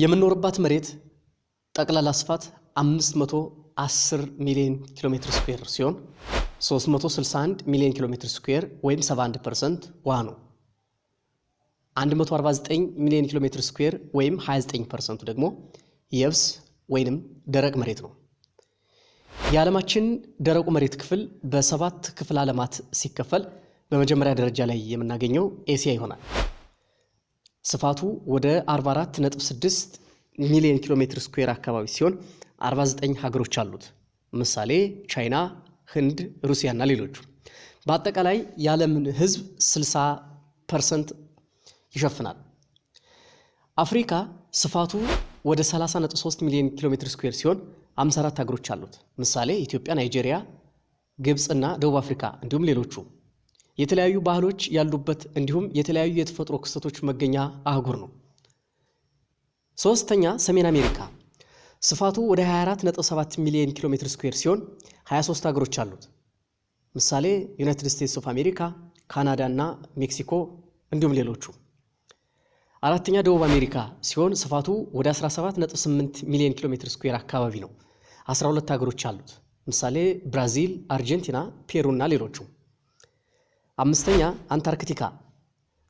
የምንኖርባት መሬት ጠቅላላ ስፋት 510 ሚሊዮን ኪሎ ሜትር ስኩዌር ሲሆን 361 ሚሊዮን ኪሎ ሜትር ስኩዌር ወይም 71 ፐርሰንት ውሃ ነው። 149 ሚሊዮን ኪሎ ሜትር ስኩዌር ወይም 29 ፐርሰንቱ ደግሞ የብስ ወይንም ደረቅ መሬት ነው። የዓለማችን ደረቁ መሬት ክፍል በሰባት ክፍል ዓለማት ሲከፈል በመጀመሪያ ደረጃ ላይ የምናገኘው ኤሲያ ይሆናል። ስፋቱ ወደ 44.6 ሚሊዮን ኪሎ ሜትር ስኩዌር አካባቢ ሲሆን 49 ሀገሮች አሉት። ምሳሌ ቻይና፣ ህንድ፣ ሩሲያና ሌሎቹ። በአጠቃላይ የዓለምን ህዝብ 60 ፐርሰንት ይሸፍናል። አፍሪካ ስፋቱ ወደ 30.3 ሚሊዮን ኪሎ ሜትር ስኩዌር ሲሆን 54 ሀገሮች አሉት። ምሳሌ ኢትዮጵያ፣ ናይጄሪያ፣ ግብፅና ደቡብ አፍሪካ እንዲሁም ሌሎቹ የተለያዩ ባህሎች ያሉበት እንዲሁም የተለያዩ የተፈጥሮ ክስተቶች መገኛ አህጉር ነው። ሶስተኛ ሰሜን አሜሪካ ስፋቱ ወደ 24.7 ሚሊዮን ኪሎ ሜትር ስኩዌር ሲሆን 23 ሀገሮች አሉት። ምሳሌ ዩናይትድ ስቴትስ ኦፍ አሜሪካ፣ ካናዳ እና ሜክሲኮ እንዲሁም ሌሎቹ። አራተኛ ደቡብ አሜሪካ ሲሆን ስፋቱ ወደ 17.8 ሚሊዮን ኪሎ ሜትር ስኩዌር አካባቢ ነው። 12 ሀገሮች አሉት። ምሳሌ ብራዚል፣ አርጀንቲና፣ ፔሩ እና ሌሎቹም። አምስተኛ አንታርክቲካ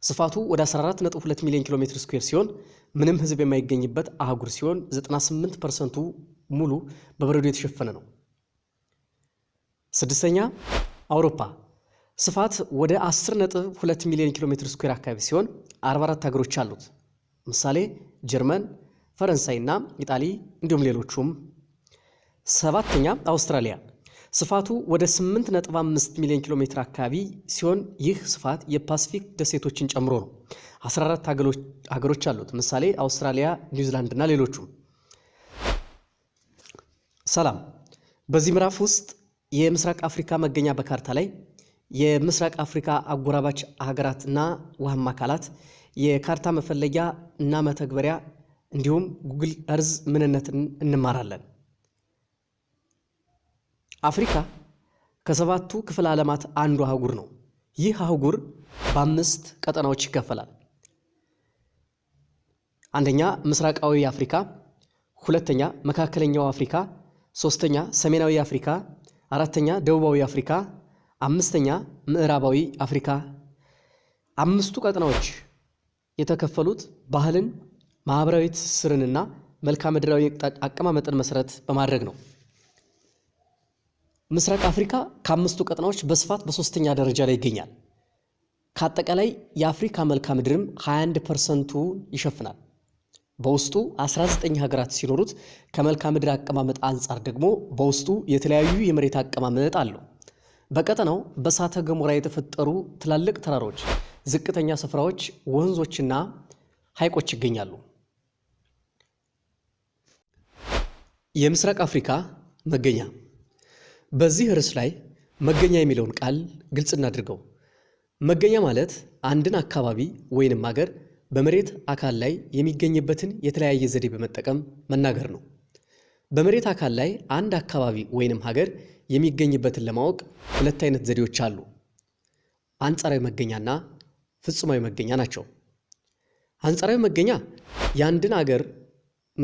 ስፋቱ ወደ 14.2 ሚሊዮን ኪሎ ሜትር ስኩዌር ሲሆን ምንም ህዝብ የማይገኝበት አህጉር ሲሆን 98 ፐርሰንቱ ሙሉ በበረዶ የተሸፈነ ነው። ስድስተኛ አውሮፓ ስፋት ወደ 10.2 ሚሊዮን ኪሎ ሜትር ስኩዌር አካባቢ ሲሆን 44 ሀገሮች አሉት። ምሳሌ ጀርመን፣ ፈረንሳይ እና ኢጣሊ እንዲሁም ሌሎቹም። ሰባተኛ አውስትራሊያ ስፋቱ ወደ 8.5 ሚሊዮን ኪሎ ሜትር አካባቢ ሲሆን ይህ ስፋት የፓስፊክ ደሴቶችን ጨምሮ ነው። 14 ሀገሮች አሉት፣ ምሳሌ አውስትራሊያ፣ ኒውዚላንድ እና ሌሎቹ። ሰላም። በዚህ ምዕራፍ ውስጥ የምስራቅ አፍሪካ መገኛ በካርታ ላይ የምስራቅ አፍሪካ አጎራባች ሀገራት እና ውሃማ አካላት የካርታ መፈለጊያ እና መተግበሪያ እንዲሁም ጉግል እርዝ ምንነትን እንማራለን። አፍሪካ ከሰባቱ ክፍለ ዓለማት አንዱ አህጉር ነው። ይህ አህጉር በአምስት ቀጠናዎች ይከፈላል። አንደኛ ምስራቃዊ አፍሪካ፣ ሁለተኛ መካከለኛው አፍሪካ፣ ሶስተኛ ሰሜናዊ አፍሪካ፣ አራተኛ ደቡባዊ አፍሪካ፣ አምስተኛ ምዕራባዊ አፍሪካ። አምስቱ ቀጠናዎች የተከፈሉት ባህልን፣ ማህበራዊ ትስስርንና መልክዓ ምድራዊ አቀማመጥን መሰረት በማድረግ ነው። ምስራቅ አፍሪካ ከአምስቱ ቀጠናዎች በስፋት በሶስተኛ ደረጃ ላይ ይገኛል። ከአጠቃላይ የአፍሪካ መልክዓ ምድርም 21 ፐርሰንቱ ይሸፍናል። በውስጡ 19 ሀገራት ሲኖሩት ከመልክዓ ምድር አቀማመጥ አንጻር ደግሞ በውስጡ የተለያዩ የመሬት አቀማመጥ አለው። በቀጠናው በእሳተ ገሞራ የተፈጠሩ ትላልቅ ተራሮች፣ ዝቅተኛ ስፍራዎች፣ ወንዞችና ሐይቆች ይገኛሉ። የምስራቅ አፍሪካ መገኛ በዚህ ርዕስ ላይ መገኛ የሚለውን ቃል ግልጽ እናድርገው። መገኛ ማለት አንድን አካባቢ ወይንም አገር በመሬት አካል ላይ የሚገኝበትን የተለያየ ዘዴ በመጠቀም መናገር ነው። በመሬት አካል ላይ አንድ አካባቢ ወይንም ሀገር የሚገኝበትን ለማወቅ ሁለት አይነት ዘዴዎች አሉ። አንጻራዊ መገኛና ፍጹማዊ መገኛ ናቸው። አንጻራዊ መገኛ የአንድን አገር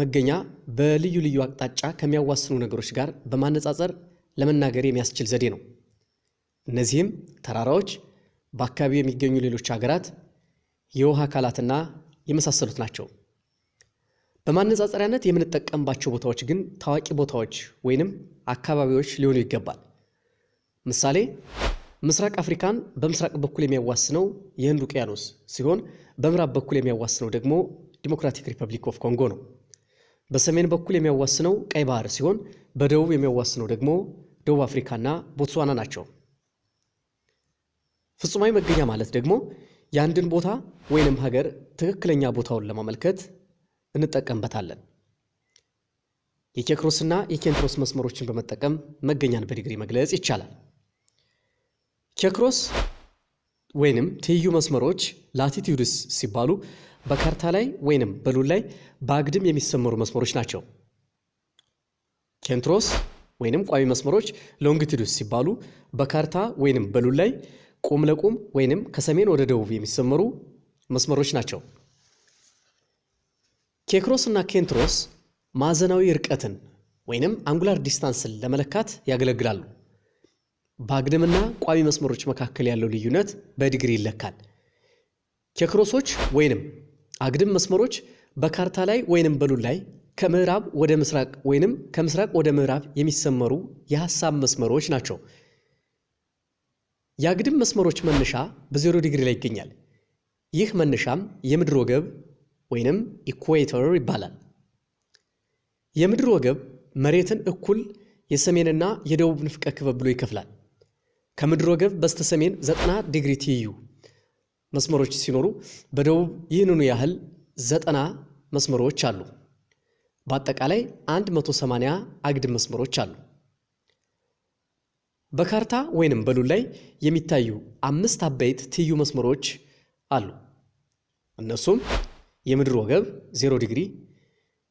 መገኛ በልዩ ልዩ አቅጣጫ ከሚያዋስኑ ነገሮች ጋር በማነጻጸር ለመናገር የሚያስችል ዘዴ ነው። እነዚህም ተራራዎች፣ በአካባቢው የሚገኙ ሌሎች ሀገራት፣ የውሃ አካላትና የመሳሰሉት ናቸው። በማነጻጸሪያነት የምንጠቀምባቸው ቦታዎች ግን ታዋቂ ቦታዎች ወይንም አካባቢዎች ሊሆኑ ይገባል። ምሳሌ ምስራቅ አፍሪካን በምስራቅ በኩል የሚያዋስነው የህንድ ውቅያኖስ ሲሆን በምዕራብ በኩል የሚያዋስነው ደግሞ ዲሞክራቲክ ሪፐብሊክ ኦፍ ኮንጎ ነው። በሰሜን በኩል የሚያዋስነው ቀይ ባህር ሲሆን በደቡብ የሚያዋስነው ደግሞ ደቡብ አፍሪካና ቦትስዋና ናቸው። ፍጹማዊ መገኛ ማለት ደግሞ የአንድን ቦታ ወይንም ሀገር ትክክለኛ ቦታውን ለማመልከት እንጠቀምበታለን። የኬክሮስና የኬንትሮስ መስመሮችን በመጠቀም መገኛን በዲግሪ መግለጽ ይቻላል። ኬክሮስ ወይንም ትይዩ መስመሮች ላቲቲዩድስ ሲባሉ በካርታ ላይ ወይንም በሉል ላይ በአግድም የሚሰመሩ መስመሮች ናቸው። ኬንትሮስ ወይንም ቋሚ መስመሮች ሎንግቲዱስ ሲባሉ በካርታ ወይንም በሉል ላይ ቁም ለቁም ወይንም ከሰሜን ወደ ደቡብ የሚሰመሩ መስመሮች ናቸው። ኬክሮስ እና ኬንትሮስ ማዕዘናዊ ርቀትን ወይንም አንጉላር ዲስታንስን ለመለካት ያገለግላሉ። በአግድምና ቋሚ መስመሮች መካከል ያለው ልዩነት በዲግሪ ይለካል። ኬክሮሶች ወይንም አግድም መስመሮች በካርታ ላይ ወይንም በሉል ላይ ከምዕራብ ወደ ምስራቅ ወይንም ከምስራቅ ወደ ምዕራብ የሚሰመሩ የሐሳብ መስመሮች ናቸው። የአግድም መስመሮች መነሻ በዜሮ ዲግሪ ላይ ይገኛል። ይህ መነሻም የምድር ወገብ ወይንም ኢኩዌተር ይባላል። የምድር ወገብ መሬትን እኩል የሰሜንና የደቡብ ንፍቀ ክበብ ብሎ ይከፍላል። ከምድር ወገብ በስተሰሜን ዘጠና ዲግሪ ትይዩ መስመሮች ሲኖሩ በደቡብ ይህንኑ ያህል ዘጠና መስመሮች አሉ። በአጠቃላይ 180 አግድም መስመሮች አሉ። በካርታ ወይንም በሉል ላይ የሚታዩ አምስት አበይት ትይዩ መስመሮች አሉ። እነሱም የምድር ወገብ 0 ዲግሪ፣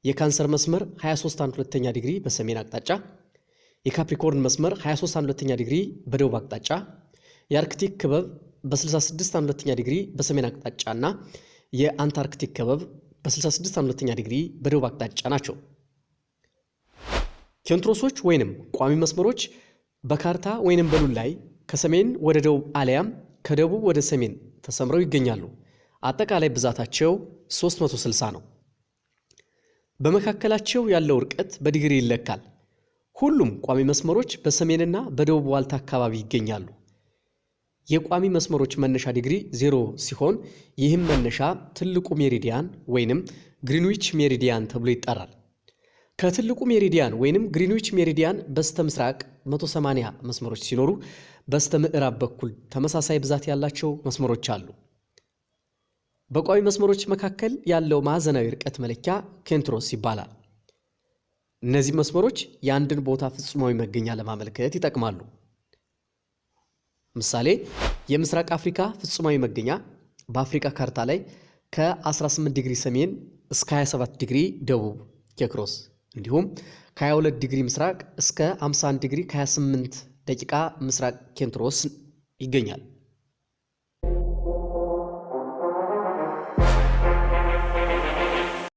የካንሰር መስመር 23 ኛ ዲግሪ በሰሜን አቅጣጫ፣ የካፕሪኮርን መስመር 23 1 ዲግሪ በደቡብ አቅጣጫ፣ የአርክቲክ ክበብ በ66 1 ዲግሪ በሰሜን አቅጣጫ እና የአንታርክቲክ ክበብ በ66 52ኛ ዲግሪ በደቡብ አቅጣጫ ናቸው። ኬንትሮሶች ወይንም ቋሚ መስመሮች በካርታ ወይንም በሉል ላይ ከሰሜን ወደ ደቡብ አሊያም ከደቡብ ወደ ሰሜን ተሰምረው ይገኛሉ። አጠቃላይ ብዛታቸው 360 ነው። በመካከላቸው ያለው ርቀት በዲግሪ ይለካል። ሁሉም ቋሚ መስመሮች በሰሜንና በደቡብ ዋልታ አካባቢ ይገኛሉ። የቋሚ መስመሮች መነሻ ዲግሪ ዜሮ ሲሆን ይህም መነሻ ትልቁ ሜሪዲያን ወይንም ግሪንዊች ሜሪዲያን ተብሎ ይጠራል። ከትልቁ ሜሪዲያን ወይንም ግሪንዊች ሜሪዲያን በስተ ምስራቅ 180 መስመሮች ሲኖሩ በስተ ምዕራብ በኩል ተመሳሳይ ብዛት ያላቸው መስመሮች አሉ። በቋሚ መስመሮች መካከል ያለው ማዕዘናዊ ርቀት መለኪያ ኬንትሮስ ይባላል። እነዚህ መስመሮች የአንድን ቦታ ፍጹማዊ መገኛ ለማመልከት ይጠቅማሉ። ምሳሌ የምስራቅ አፍሪካ ፍጹማዊ መገኛ በአፍሪካ ካርታ ላይ ከ18 ዲግሪ ሰሜን እስከ 27 ዲግሪ ደቡብ ኬክሮስ እንዲሁም ከ22 ዲግሪ ምስራቅ እስከ 51 ዲግሪ ከ28 ደቂቃ ምስራቅ ኬንትሮስ ይገኛል።